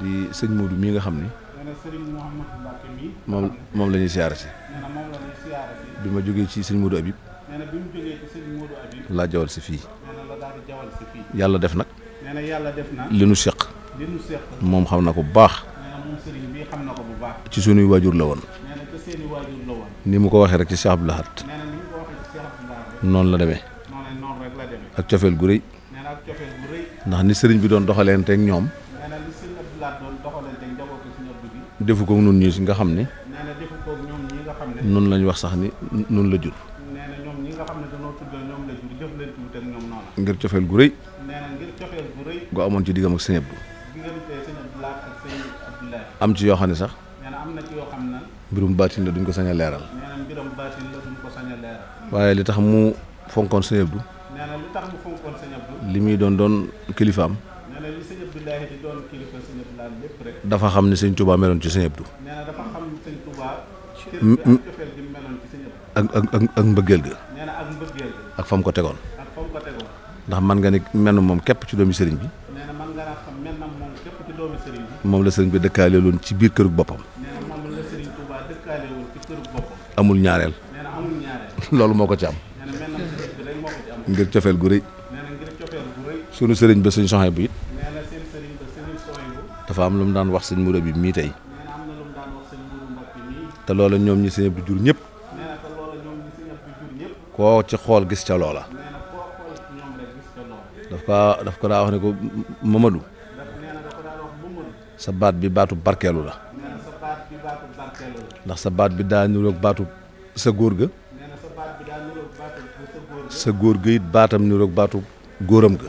di sëñ Modou mii nga xam ni moom moom la ñuy siyaara si bi ma jógee ci sëñ Modou Habib laa jawal si fii yàlla def nag li nu seq moom xam na ko bu baax ci sunuy waajur la woon ni mu ko waxee rek ci Cheikh Abdou Lahad la deme ak cofeel gu rëy ndax ni sëriñ bi doon doxalante ak ñoom defu ko nun ñi nga xam ni nun lañ wax sax ni nun la jur ngir cofeel gu rëy gu amoon ci diggam ak sëñ Abdou am ci yoo xam ne sax mbirum baatin la duñ ko sañ leeral waaye li tax mu fonkoon sëñ Abdou li muy doon doon kilifaam dafa xam ne sëñ Touba meloon ci sëñ Abdou ak ak ak ak mbëggeel ga ak fam ko tegoon ndax man nga ni menn moom képp ci doomi sëriñ bi moom la sëriñ bi dëkkaale ci biir kërug boppam amul ñaareel loolu moo ko ci am ngir cofeel gu rëy sunu sëriñ ba sëñ soxna bu it dafa am lu mu daan wax sëñ muro bi mii tey te loola ñoom ñi sëñ bu jur ñépp koo ci xool gis ca loola daf ko daf ko daa wax ne ko Mamadou sa baat bi baatu barkeelu la ndax sa baat bi daa niroog baatu sa góor ga sa góor ga it baatam niroog baatu góoram ga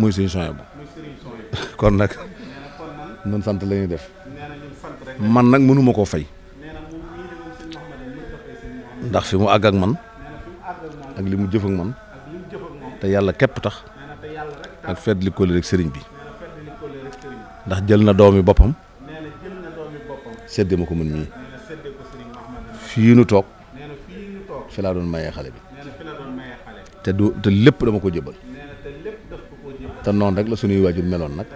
muy suñu sooy bu kon nag mën sant la def man nag mënuma koo fay ndax fi mu àgg man ak li mu jëf ak man te yàlla képp tax ak fedd li kóllëre rek sëriñ bi ndax jël na doomi boppam séddee ma ko mën mii fii nu toog fi laa doon mayee xale bi te du te lépp dama ko jëbal te non rek la suñuy wajur melon nak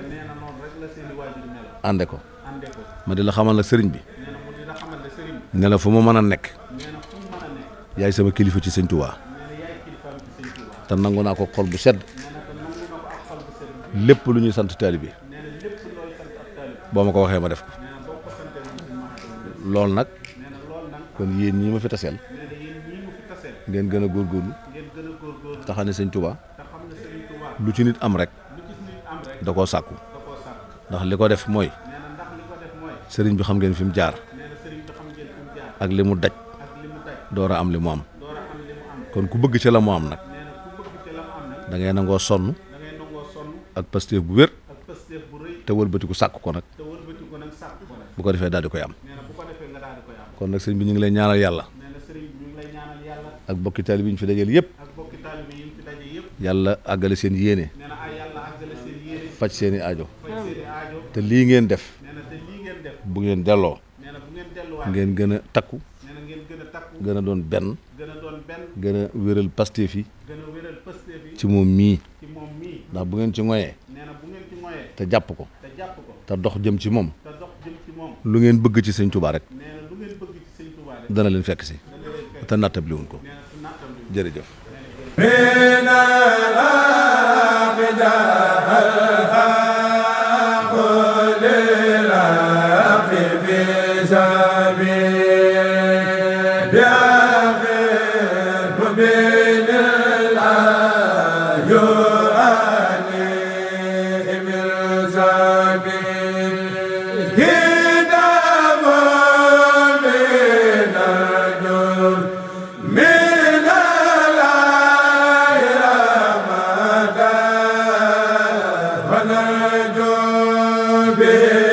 ande ko ma di la xamal nak serigne bi ne la fuma meuna nek yaay sama kilifa ci serigne touba te nanguna ko xol bu sedd lepp luñu sant talibi boma ko waxe ma def ko lol nak kon yeen ñi ma fi tassel ngeen gën a góorgóorlu lu ci nit am rek da koo ndax liko def moy serigne bi xam ngeen fim jaar ak limu daj am limu am kon ku bëgg ci la mu am nak, da ngay nangoo sonu ak pastéef bu wér te ku sàkk ko nak bu ko defé dal di koy am kon nak serigne bi ñu ngi lay ñaanal yalla ak bokki talib yi ñu fi dajel yépp yalla seen faj seeni ajo te lii ngeen def bu ngeen delloo ngeen gën a takku gën a doon benn gën a wéral Pastef yi ci moom mii ndax bu ngeen ci ngoyee te jàpp ko te dox jëm ci moom lu ngeen bëgg ci sëñ Tuubaa rek dana leen fekk si te nattabliwuñ ko jërëjëf Bir